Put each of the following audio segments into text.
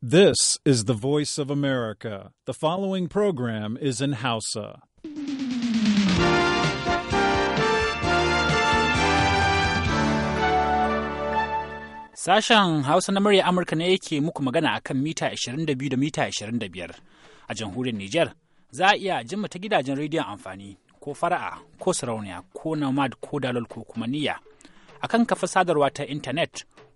This is the voice of America. The following program is in Hausa. Sashen Hausa na murya Amurka ne yake muku magana a kan mita 22 da mita 25 a jamhuriyar Nijar. Za a iya jin ta gidajen rediyon amfani ko fara'a ko sarauniya ko nomad ko dalol ko kuma niyya. A kan kafa sadarwa ta intanet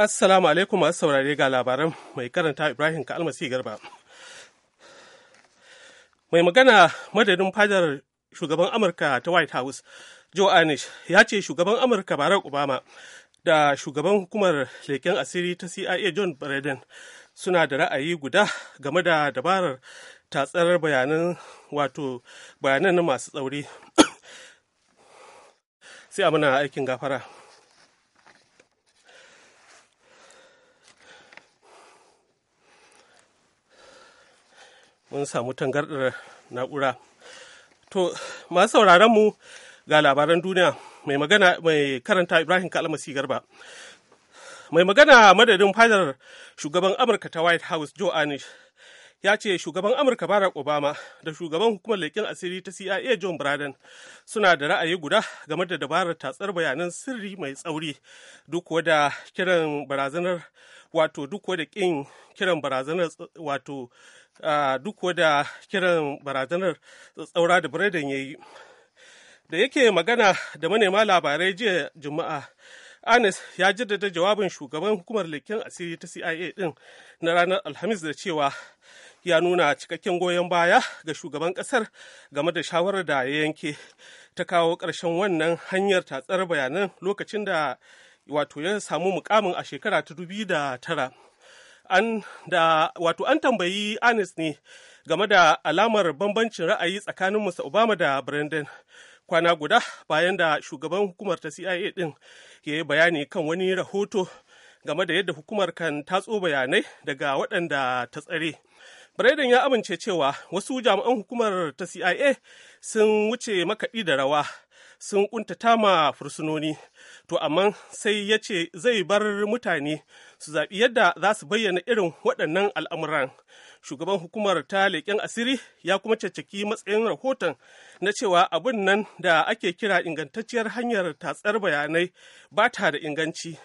Assalamu alaikum masu saurare ga labaran mai karanta Ibrahim ka almasi Garba. Mai magana madadin fadar shugaban Amurka ta White House, Joe Anish, ya ce shugaban Amurka Barack Obama da shugaban hukumar leken asiri ta CIA John Braden suna da ra'ayi guda game da dabarar tatsar bayanan wato bayanan masu tsauri. Sai a muna aikin gafara. mun samu tangarɗar na'ura to masu sauraron mu ga labaran duniya mai magana mai karanta ibrahim kalmasi garba mai magana madadin fadar shugaban amurka ta white house joe anish ya ce shugaban amurka barack obama da shugaban hukumar leƙin asiri ta cia john braden suna da ra'ayi guda game da dabarar tatsar bayanan sirri mai tsauri duk da kiran barazanar wato duk da kin kiran barazanar wato duk wadda kiran barazanar tsaura da biredin ya yi da yake magana da manema labarai jiya juma'a Anis ya jaddada jawabin shugaban hukumar leken asiri ta cia din na ranar alhamis da cewa ya nuna cikakken goyon baya ga shugaban kasar game da shawarar da ya yanke ta kawo ƙarshen wannan hanyar tatsar bayanan lokacin da wato ya samu mukamin a shekara ta dubi da tara an da wato an tambayi Anis ne game da alamar bambancin ra'ayi tsakanin Musa Obama da Brandon kwana guda bayan da shugaban hukumar ta CIA din ya yi bayani kan wani rahoto game da yadda hukumar kan tatso bayanai daga waɗanda ta tsare. Braden ya amince cewa wasu jami'an hukumar ta CIA sun wuce makaɗi da rawa sun kuntata ma fursunoni to amma sai ya ce zai bar mutane su zaɓi yadda za su bayyana irin waɗannan al'amuran shugaban hukumar ta leƙen asiri ya kuma caccaki matsayin rahoton na cewa abin nan da ake kira ingantacciyar hanyar tatsar bayanai ba ta da inganci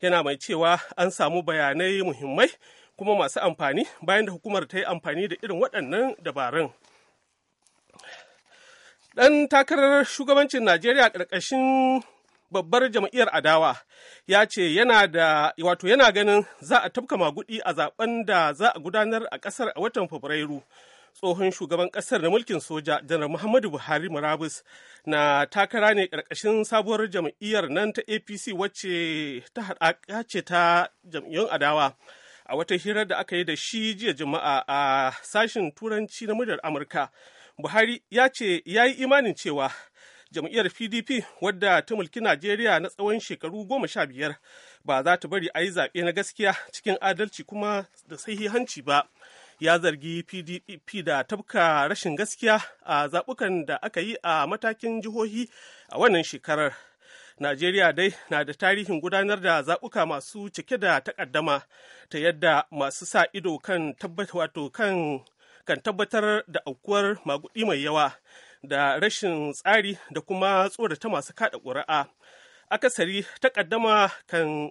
yana mai cewa an samu bayanai muhimmai kuma masu amfani bayan da hukumar ta yi amfani da irin waɗannan dabarun. Ɗan takarar shugabancin Najeriya ƙarƙashin babbar jam'iyyar adawa ya ce yana da wato yana ganin za a tafka magudi a zaben da za a gudanar a ƙasar a watan Fabrairu. tsohon shugaban ƙasar na mulkin soja janar muhammadu buhari murabus na takara ne ƙarƙashin sabuwar jam'iyyar nan ta apc wacce ta haɗaka ce ta jam'iyyun adawa a wata hirar da aka yi da shi jiya juma'a a sashen turanci na muryar amurka buhari ya ce ya yi imanin cewa jam'iyyar pdp wadda ta mulki najeriya na tsawon shekaru goma sha biyar ba za ta bari a yi zaɓe na gaskiya cikin adalci kuma da sahihanci ba ya zargi pdp da tafka rashin gaskiya a zaɓukan da aka yi a matakin jihohi a wannan shekarar Najeriya dai na da tarihin gudanar da zaɓuka masu cike da takaddama ta yadda masu sa ido kan tabbata wato kan kan tabbatar da aukuwar magudi mai yawa da rashin tsari da kuma tsorata masu kada ƙuri'a akasari ta kan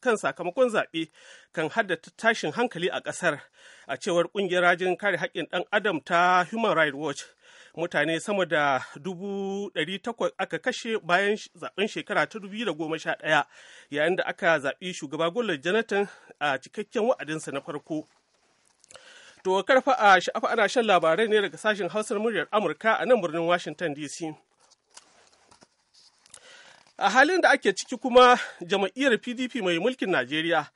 kan sakamakon zaɓe kan haddata tashin hankali a ƙasar a cewar ƙungiyar rajin kare haƙƙin ɗan adam ta human rights watch mutane sama da dubu ɗari takwas aka kashe bayan zaɓen shekara ta dubu da goma sha ɗaya yayin da aka zaɓi shugaba golar jonathan a cikakken wa'adinsa na farko To karfa a ana shan labarai ne daga sashen hausar muryar Amurka a nan birnin Washington DC. A halin da ake ciki kuma jama'iyyar PDP mai mulkin Najeriya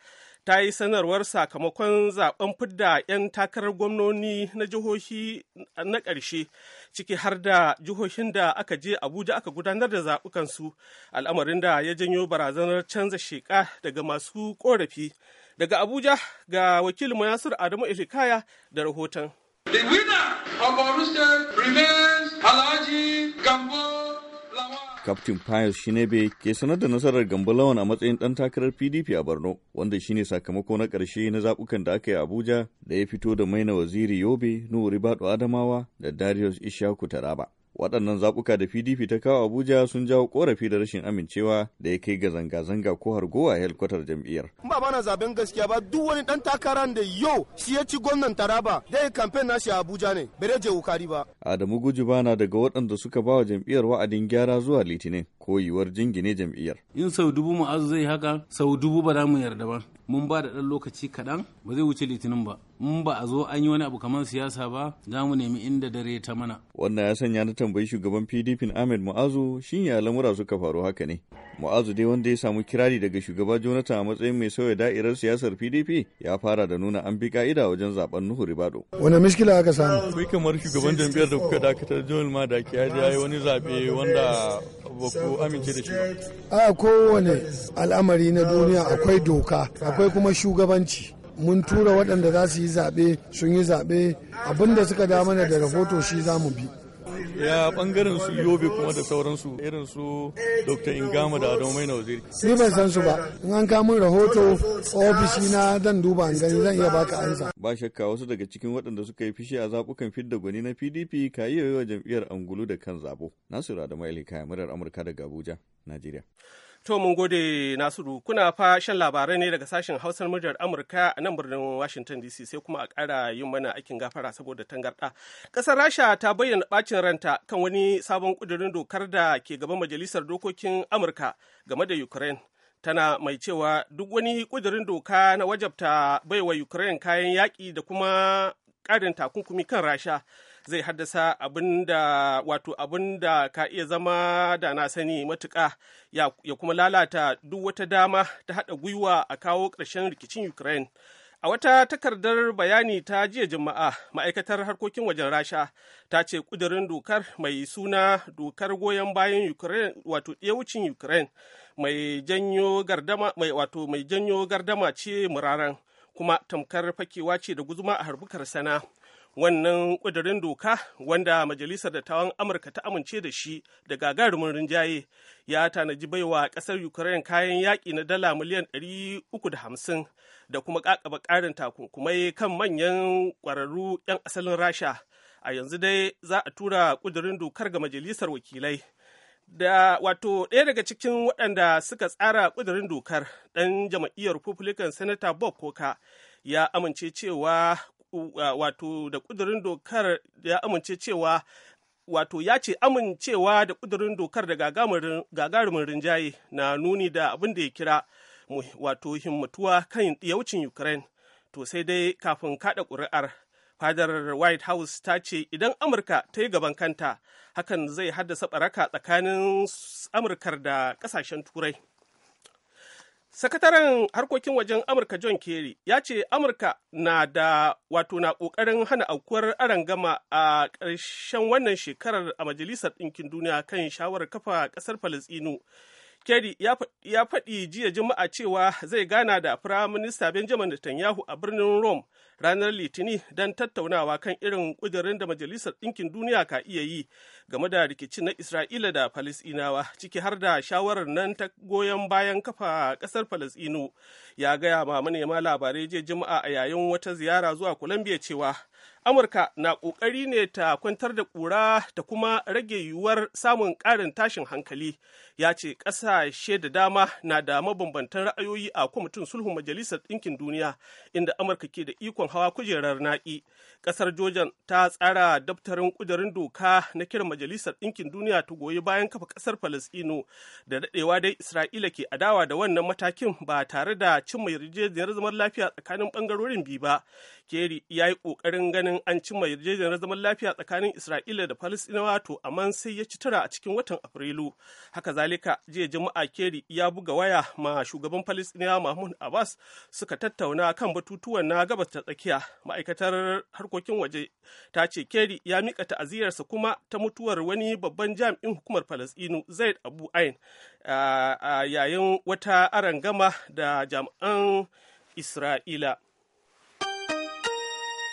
ta yi sanarwar sakamakon zaben fidda 'yan takarar gwamnoni na jihohi na ƙarshe ciki har da jihohin da aka je abuja aka gudanar da zaɓukansu al'amarin da ya janyo barazanar canza sheƙa daga masu ƙorafi Daga Abuja ga wakilinmu Mayasir Adamu Ishikaya da rahoton. The winner of remains Alhaji Gambo Kaftin Pius Shinebe ke sanar da nasarar Gambo Lawan a matsayin ɗan takarar PDP a Borno, wanda shi ne sakamako na ƙarshe na zaɓukan da aka yi Abuja da ya fito da maina waziri Yobe, Nuhu Ribadu Adamawa da Darius Ishaku Taraba. waɗannan zaɓuka da pdp ta kawo abuja sun jawo korafi da rashin amincewa da ya kai ga zanga-zanga ko hargowa helkwatar jam'iyyar ba bana zaben gaskiya ba duk wani ɗan takarar da yau shi ya ci gwamnan taraba da ya kamfen nashi a abuja ne bare je wukari ba adamu guji bana daga waɗanda suka ba wa jam'iyyar wa'adin gyara zuwa litinin ko yiwuwar jingine jam'iyyar in sau dubu mu'azu zai haka sau dubu ba za mu yarda ba mun ba da ɗan lokaci kaɗan ba zai wuce litinin ba in ba a zo an yi wani abu kamar siyasa ba za mu nemi inda dare ta mana wannan ya sanya na tambayi shugaban PDP Ahmed Mu'azu shin ya lamura suka faru haka ne Mu'azu dai wanda ya samu kirari daga shugaba Jonathan a matsayin mai sauya da'irar siyasar PDP ya fara da nuna an bi ka'ida wajen zaben Nuhu Ribado wani miskila aka samu kai kamar shugaban jam'iyyar da kuka dakatar Joel Madaki ya yi wani zaɓe wanda ba ku amince da shi ba a kowane al'amari na duniya akwai doka akwai kuma shugabanci mun tura waɗanda za su yi zaɓe sun yi zaɓe abinda suka da mana da rahoto shi za mu bi ya bangaren su yobe kuma da sauransu irin su dr ingama da adamu mai nauzi ni ban san su ba in an kamun rahoto ofishi na dan duba an gani zan iya baka ansa ba shakka wasu daga cikin waɗanda suka yi fishi a zabukan fidda gwani na pdp ka yi wa jam'iyyar angulu da kan zabo nasiru adamu maili kayan murar amurka daga abuja najeriya To mun gode Nasiru kuna fa shan labarai ne daga sashen Hausar muryar Amurka a nan birnin Washington DC sai kuma a ƙara yin mana aikin gafara saboda tangarɗa. Ƙasar Rasha ta bayyana ɓacin ranta kan wani sabon ƙudurin dokar da ke gaban Majalisar Dokokin Amurka game da Ukraine. Tana mai cewa duk wani ƙudurin doka na wajabta baiwa Ukraine kayan yaƙi da kuma ƙarin takunkumi kan Rasha zai haddasa abin da wato abin da ka iya zama da na sani matuƙa ya, kuma lalata duk wata dama ta haɗa gwiwa a kawo ƙarshen rikicin Ukraine. A wata takardar bayani ta jiya Juma'a, ma'aikatar harkokin wajen Rasha ta ce ƙudurin dokar mai suna dokar goyon bayan Ukraine wato wucin Ukraine mai janyo gardama mai wato mai janyo gardama ce muraran kuma tamkar fakewa ce da guzuma a harbukar sana. wannan ƙudurin doka wanda majalisar dattawan amurka ta amince da shi da gagarumin rinjaye ya tanaji baiwa ƙasar ukraine kayan yaƙi na dala miliyan 350 da kuma ƙaƙaba ƙarin takunkumai kan manyan ƙwararru 'yan asalin rasha a yanzu dai za a tura ƙudurin dokar ga majalisar wakilai da wato ɗaya daga cikin waɗanda suka tsara ƙudurin dokar ɗan jama'iyyar republican senator bob koka ya amince cewa wato da kudurin dokar ya amince cewa wato ya ce amincewa da kudurin dokar da gagarumin rinjaye na nuni da abin da ya kira wato himmatuwa kan yaucin ukraine to sai dai kafin kada ƙuri'ar fadar white house ta ce idan amurka ta yi gaban kanta hakan zai haddasa baraka tsakanin amurkar da ƙasashen turai Sakataren harkokin wajen Amurka John Kerry ya ce Amurka na da wato na ƙoƙarin hana aukuwar aron gama a ƙarshen wannan shekarar a Majalisar Ɗinkin Duniya kan shawarar kafa ƙasar Falasɗinu. Kerry ya faɗi jiya Juma'a cewa zai gana da Firaminista Benjamin Netanyahu a birnin Rome ranar Litini don tattaunawa kan irin ƙudurin da Majalisar Ɗinkin Duniya ka iya yi game da rikicin na Isra'ila da Falasɗinawa ciki har da shawarar nan ta goyon bayan kafa ƙasar Falasɗinu ya gaya ma manema labarai jiya Juma'a a yayin wata ziyara zuwa Colombia cewa Amurka na ƙoƙari ne ta kwantar da ƙura ta kuma rage yiwuwar samun ƙarin tashin hankali ya ce ƙasashe da dama na da mabambantan ra'ayoyi a kwamitin sulhun majalisar ɗinkin duniya inda Amurka ke da ikon hawa kujerar naƙi ƙasar Jojan ta tsara daftarin ƙudurin doka na kiran Majalisar Ɗinkin Duniya ta goyi bayan kafa ƙasar Falasɗinu da daɗewa dai Isra'ila ke adawa da wannan matakin ba tare da cimma yarjejeniyar zaman lafiya tsakanin ɓangarorin biyu ba Kerry ya yi ƙoƙarin ganin an cimma yarjejeniyar zaman lafiya tsakanin Isra'ila da falastinawa to amma sai ya ci tura a cikin watan Afrilu. Haka zalika jiya Juma'a keri ya buga waya ma shugaban falastinawa Mahmud Abbas suka tattauna kan batutuwan na gabas ta tsakiya. Ma'aikatar harkokin waje ta ce keri ya mika ta'aziyarsa kuma ta mutuwar wani babban jami'in hukumar Falasɗinu Zaid Abu Ain yayin wata arangama da jami'an Isra'ila.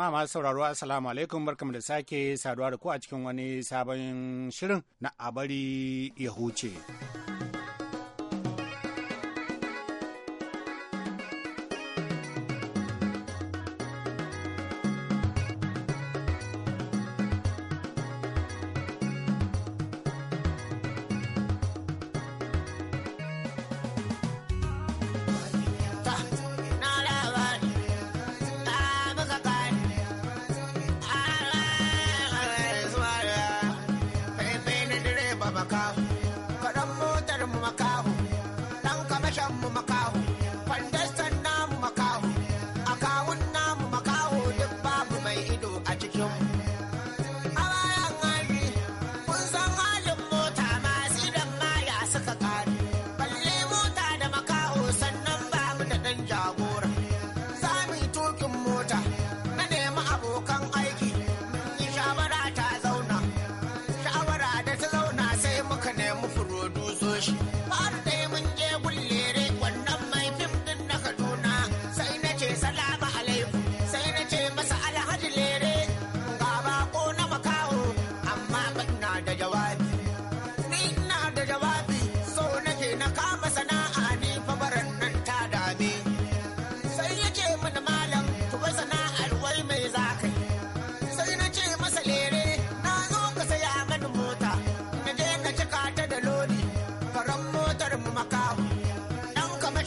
Jama'a masu sauraro Assalamu alaikum barkamu da sake saduwa da ku a cikin wani sabon shirin na abari ya huce.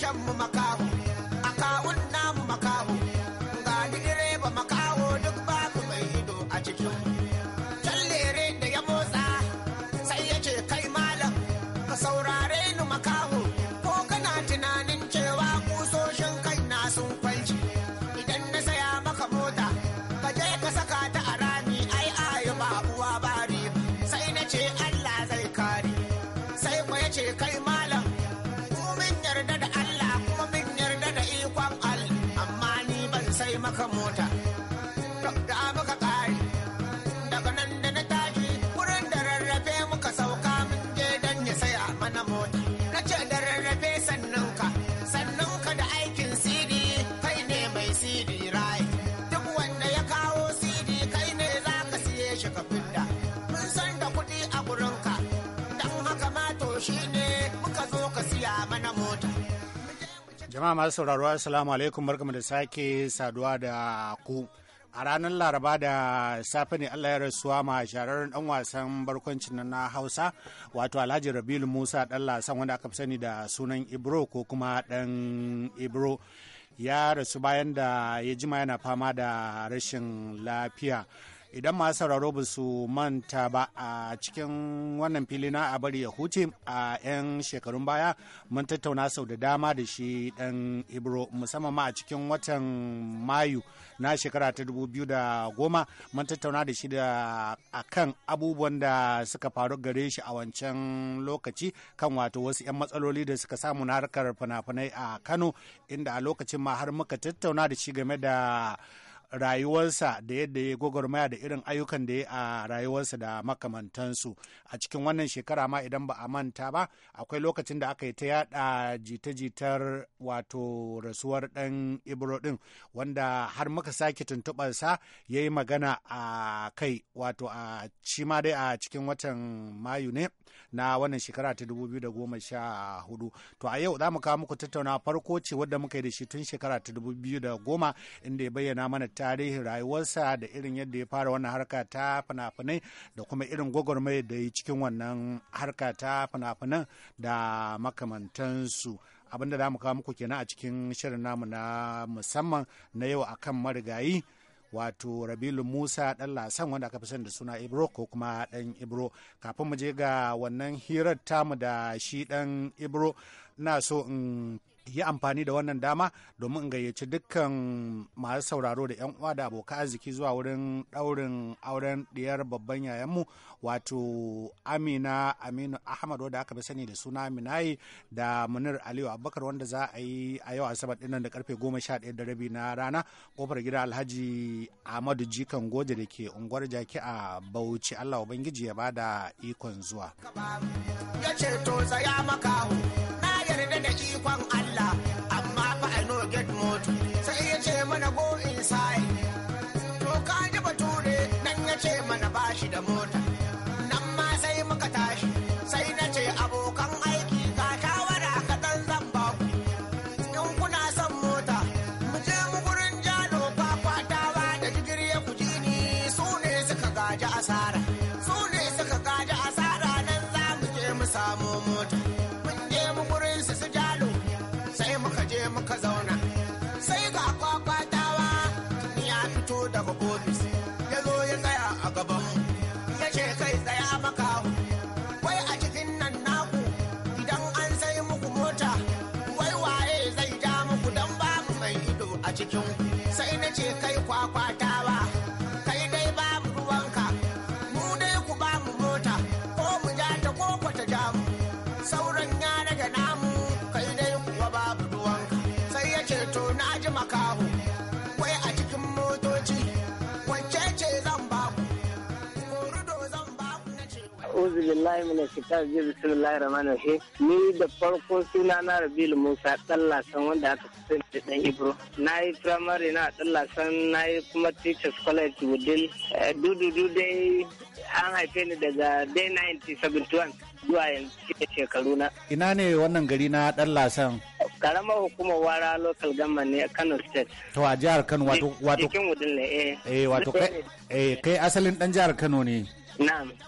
can mu maka Jama'a masu sauraro Assalamu alaikum barkamu da sake saduwa da ku. A ranar Laraba da safe ne Allah ya rasuwa ma shahararren dan wasan barkwancin na Hausa wato Alhaji rabilu Musa dan Lasan wanda aka fi sani da sunan Ibro ko kuma dan Ibro. Ya rasu bayan da ya jima yana fama da rashin lafiya. idan masu sauraro ba su manta ba a cikin wannan fili na a bari ya huce a 'yan shekarun baya mun tattauna sau da dama da shi dan ibro musamman ma a cikin watan mayu na shekara ta dubu biyu da goma mun tattauna da shi da kan abubuwan da suka faru gare shi a wancan lokaci kan wato wasu 'yan matsaloli da suka samu na harkar fina-finai a kano inda a lokacin ma har muka tattauna da shi game da rayuwarsa da yadda ya gwagwarmaya da irin ayyukan da ya a rayuwarsa da makamantansu a cikin wannan shekara ma idan ba a manta ba akwai lokacin da aka yi ta yada jita-jitar wato rasuwar dan ibro din wanda har muka sake tuntuɓarsa ya yi magana a kai wato a cima dai a cikin watan mayu ne na wannan shekara ta 2014 to a yau za mu kawo muku tattaunawa farko ce wadda muka yi da shi tun shekara ta 2010 inda ya bayyana mana tarihin rayuwarsa da irin yadda ya fara wannan harka ta fina-finai da kuma irin gwagwarmaya da ya cikin wannan harka ta fina-finan da makamantansu abinda za mu kawo muku kenan a cikin shirin namu na musamman na yau akan marigayi wato rabilu musa dan lasan wanda aka fi sani da suna ibro ko kuma dan ibro kafin mu je ga wannan hirar tamu da shi dan ibro na so in yi amfani da wannan dama domin in gayyaci dukkan masu sauraro da 'yan uwa da abokan arziki zuwa wurin ɗaurin auren ɗiyar babban yayanmu wato amina aminu ahmad wadda aka fi sani da suna minayi da munir aliyu abubakar wanda za a yi a yau asabar dinnan da karfe goma sha ɗaya da rabi na rana kofar gida alhaji ahmadu jikan goje da ke unguwar jaki a bauchi allah ubangiji ya ba da ikon zuwa ya ce to na yarda da ikon ta ji bismillahir rahmanir rahim ni da farko suna na Rabiul Musa lasan wanda aka fi da dan Ibro na yi primary na lasan na yi kuma teachers college wudin eh, dudu dai an haife ni daga day 1971 zuwa yanzu shekaru na ina ne wannan gari na lasan. karamar hukumar wara local government ne a kano state to a jihar kano wato jikin wudin ne eh, eh wato kai eh, kai asalin dan jihar kano ne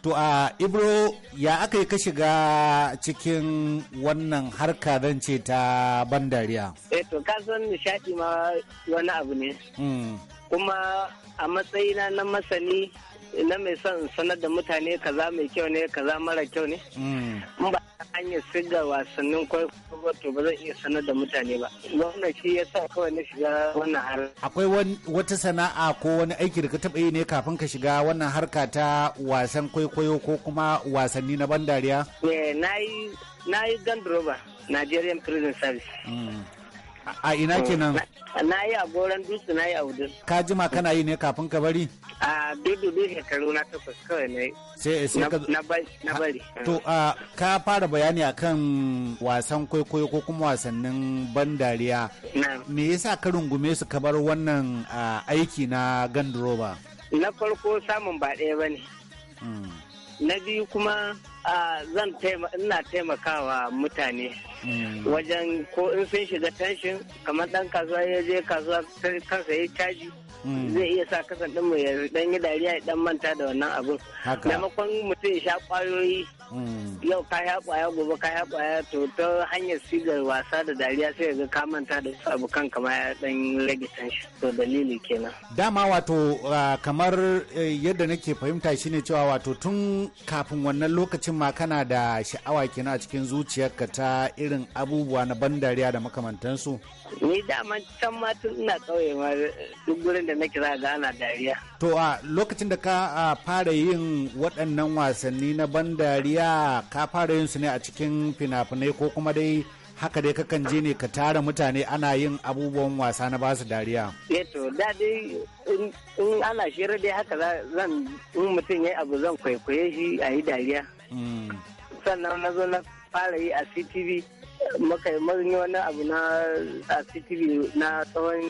To a Ibro ya aka yi ka shiga cikin wannan harka zan ce ta bandariya? Eh to kasan nishadi ma wani abu ne. Hmm. Kuma a matsayina na masani na mai son sanar da mutane kaza mai kyau ne kaza mara kyau ne. Hmm. hanyar shiga wasannin kwaikwayo to ba zan iya sanar da mutane ba wannan shi ya sa kawai na shiga wannan harka akwai wata sana'a ko wani aiki da ka taba yi ne kafin ka shiga wannan harka ta wasan kwaikwayo ko kuma wasanni na ban dariya? Eh, na yi gandiroba nigerian prison service mm. a ina kenan na yi a goron dutse na yi a wudin ka jima kana yi ne kafin ka bari a dudu shekaru na takwas kawai na yi na bari to ka fara bayani akan wasan kwaikwayo ko kuma wasannin ban dariya me yasa ka rungume su ka bar wannan aiki na ganduroba na farko samun ba ɗaya ba ne hmm. na biyu kuma zan ina taimakawa mutane mm. wajen ko in sun shiga tashin kamar dan kasuwa ya je kasuwa kansa ya caji mm. zai iya sa kasan din mu yanzu dan yi dariya ya dan manta da wannan abun maimakon mutum ya sha kwayoyi mm. yau ka ya kwaya gobe ka ya kwaya to ta hanyar sigar wasa da dariya sai ga ka manta da su abu kan kama ya dan rage tashin to dalili kenan dama wato kamar eh, yadda nake fahimta shine cewa wato tun kafin wannan lokacin lokacin ma kana da sha'awa kina a cikin zuciyarka ta irin abubuwa na ban dariya da makamantansu? Ni daman can ma tun ina kauye ma duk gurin da nake kira ga ana dariya. To a lokacin da ka fara yin waɗannan wasanni na ban dariya ka fara yin su ne a cikin fina-finai ko kuma dai haka dai kakan je ne ka tara mutane ana yin abubuwan wasa na basu dariya eh to da dai in ana shirar dai haka zan in mutum ya yi abu zan kwaikwaye shi a yi dariya mm. sannan na zo na fara yi a ctv muka yi wani abu na ctv na tsawon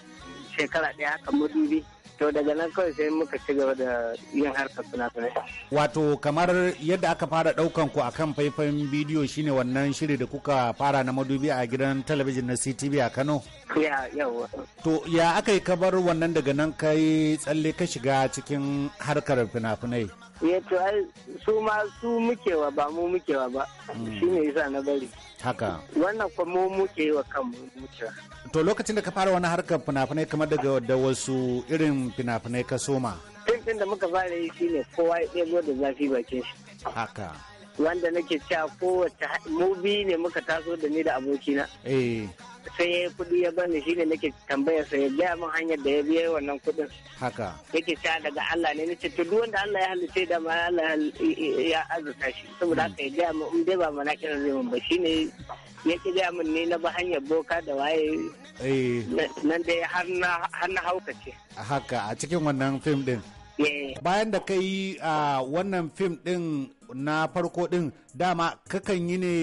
shekara ɗaya haka mudubi. to daga nan kawai sai muka ci gaba da yin harkar fina-finai. Wato kamar yadda aka fara daukan ku akan faifan bidiyo shine wannan shiri da kuka fara na madubi a gidan talabijin na CTV a Kano? Ya yawa. To ya aka yi kabar wannan daga nan kai tsalle ka shiga cikin harkar fina-finai? ya eh, to ai su ma su mukewa ba mu mukewa ba hmm. shi ne yasa na bari haka wannan kuma mu muke wa mu mutuwa to lokacin da ka fara wani harkar fina-finai kamar daga da wasu irin fina-finai ka soma fim da muka fara yi shine kowa ya ɗago da zafi bakin shi haka wanda nake cewa kowace mu biyu ne muka taso da ni da abokina eh sai ya kuɗi ya bani shi ne nake tambaya sai ya gaya min hanyar da ya biya wannan kuɗin haka yake ta daga Allah ne nace to duk wanda Allah ya halice da ma Allah ya azurta shi saboda haka ya gaya min in dai ba mana kira zai mun ba ne ya ki gaya min ne na ba hanyar boka da waye eh. nan dai har na haukace haka a cikin wannan fim din Eh. Bayan da ka yi wannan fim din na farko din dama kakan yi ne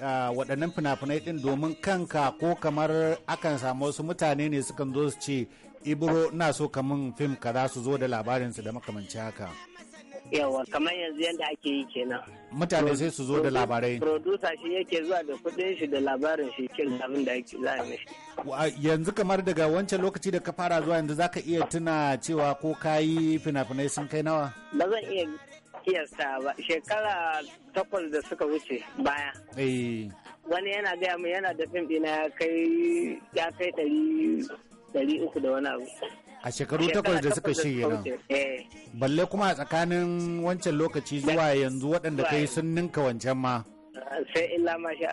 a waɗannan fina-finai din domin kanka ko kamar akan samu wasu mutane ne sukan zo su ce Ibro na so kamun fim ka za su zo da labarinsu da makamanci haka. yawa kamar yanzu yadda ake yi kenan mutane sai su zo da labarai producer shi yake zuwa da kudin shi da labarin shi kin abin da ake za mishi yanzu kamar daga wancan lokaci da ka fara zuwa yanzu zaka iya tuna cewa ko kayi fina-finai sun kai nawa ba zan iya kiyasta ba shekara takwas da suka wuce baya eh. wani yana gaya min yana da fim ɗina ya kai ɗari uku da wani abu a shekaru takwas da suka shige nan eh. balle kuma a tsakanin wancan lokaci zuwa yanzu waɗanda kai sun ninka wancan ma sai illa ma sha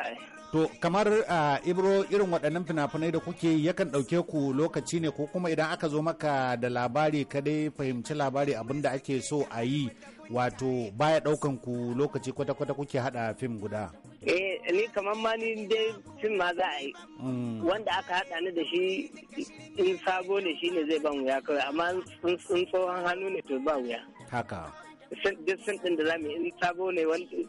to kamar a ibro irin waɗannan fina-finai da kuke yakan ɗauke ku lokaci ne ko kuma idan aka zo maka da labari ka dai fahimci labari abin da ake so a yi wato baya ɗaukan ku lokaci kwata-kwata kuke haɗa fim guda eh ni kamar ma ni dai fim ma za a yi mm. wanda aka haɗa ni da shi in sabo ne shi ne zai ban wuya kawai amma sun tsohon hannu ne to ba wuya haka duk sun ɗin da za mu in sabo ne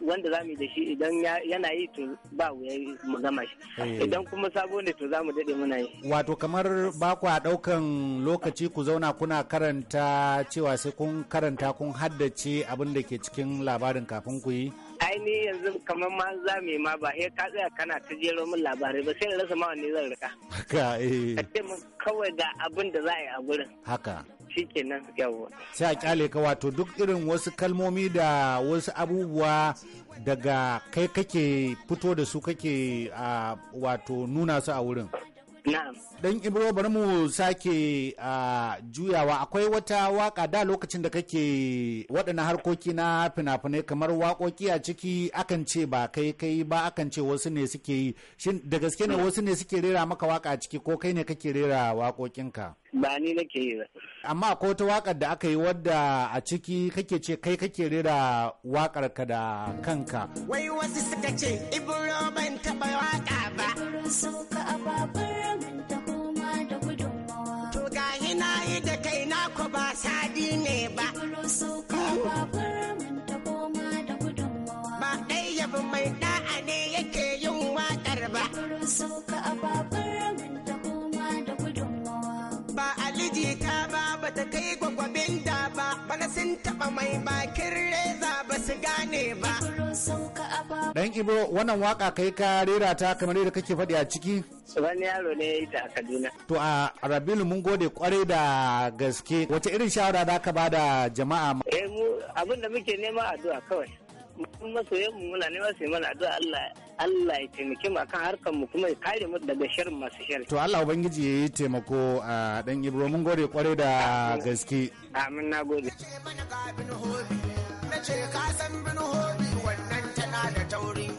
wanda za mu da shi idan yana yi to ba wuya mu gama shi eh. idan kuma sabo ne to za mu daɗe muna yi wato kamar ba ku a ɗaukan lokaci ku zauna kuna karanta cewa sai kun karanta kun haddace abin da ke cikin labarin kafin ku yi aini yanzu kamar ma za yi ma ba sai ka tsaya kana ta jero min labarai ba sai rasa ma ne zan rika haka eh mun kawai da abin da za a yi a gurin haka shikenan yawo sai a kyale ka wato duk irin wasu kalmomi da wasu abubuwa daga kai kake fito da su kake ah, wato nuna su a wurin Dan Ibro bari mu sake juyawa akwai wata waka da lokacin da kake waɗannan harkoki na fina-finai kamar waƙoƙi a ciki akan ce ba kai kai ba akan ce wasu ne suke yi. Shin da gaske ne wasu ne suke rera maka waka a ciki ko kai ne kake rera waƙoƙinka? Ba ni nake yi ba. Amma akwai wata waƙar da aka yi wadda a ciki kake ce kai kake rera waƙar ka da kanka. Wai wasu suka ce Ibro ban sun taba mai bakin reza ba su gane ba dan Ibo wannan waka kai ka rera ta kamar yadda kake faɗi a ciki wani yaro ne ya yi ta kaduna to a rabilu mun gode kwarai da gaske wace irin shawara za ka ba da jama'a eh mu abin da muke nema addu'a kawai mun masoyan mu muna masu su mana addu'a Allah Allah ya taimake mu akan harkar mu kuma ya kare mu daga shirin masu sharri to Allah ubangiji ya yi taimako a dan Ibro mun gode kware da gaske amin na gode na ce ka san bin hobi wannan tana da tauri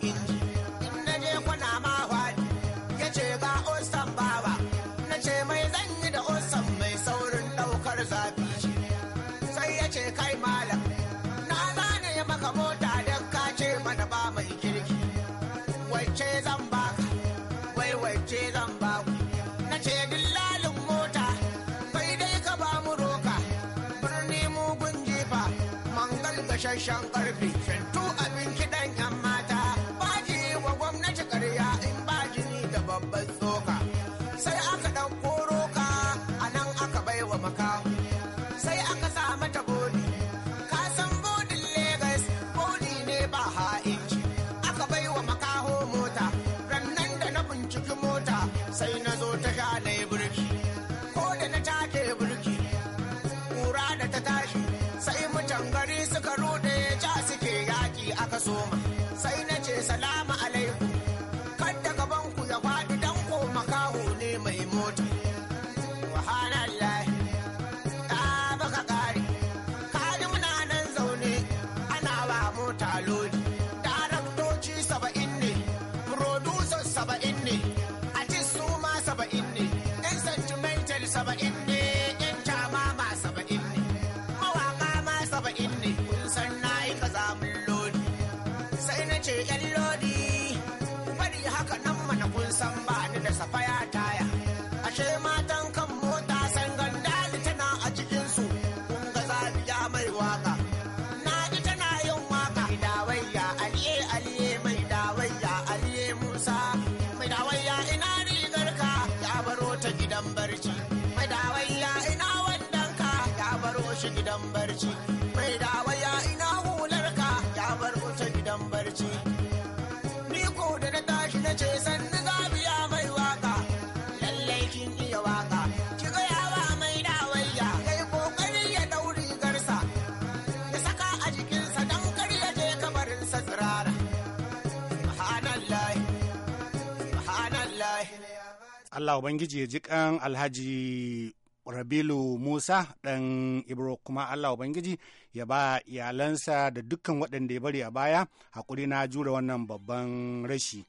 Allah Ubangiji ya ji kan Alhaji Rabilu Musa ɗan Ibro kuma Allah Ubangiji ya ba iyalansa da dukkan waɗanda ya bari a baya haƙuri na jure wannan babban rashi.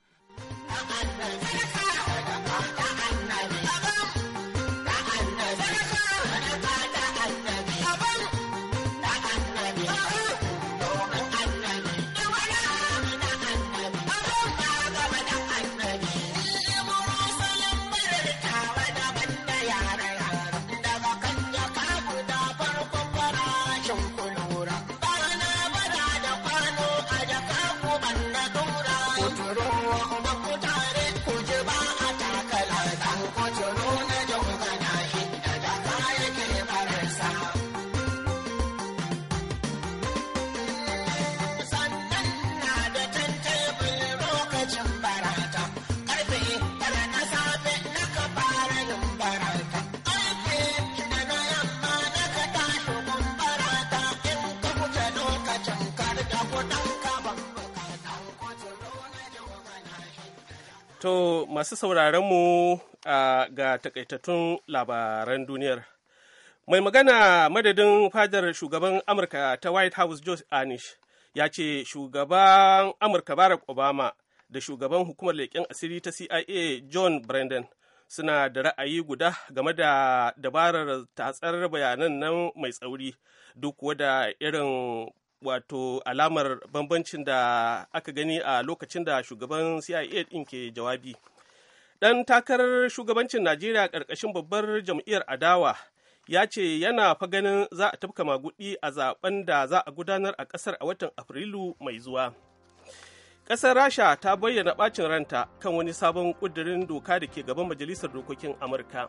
To masu sauraronmu ga takaitattun labaran duniyar. Mai magana madadin fadar shugaban Amurka ta White House Josh Anish ya ce shugaban Amurka Barack Obama da shugaban hukumar leƙen asiri ta CIA John brandon suna da ra'ayi guda game da dabarar tatsar bayanan nan mai tsauri duk wada irin wato alamar bambancin da aka gani a lokacin da shugaban cia din ke jawabi 'dan takarar shugabancin najeriya ƙarƙashin babbar jam'iyyar adawa ya ce yana fa ganin za a tafka magudi a zaben da za a gudanar a ƙasar a watan afrilu mai zuwa ƙasar rasha ta bayyana ɓacin ranta kan wani sabon ƙudurin doka da ke gaban majalisar dokokin amurka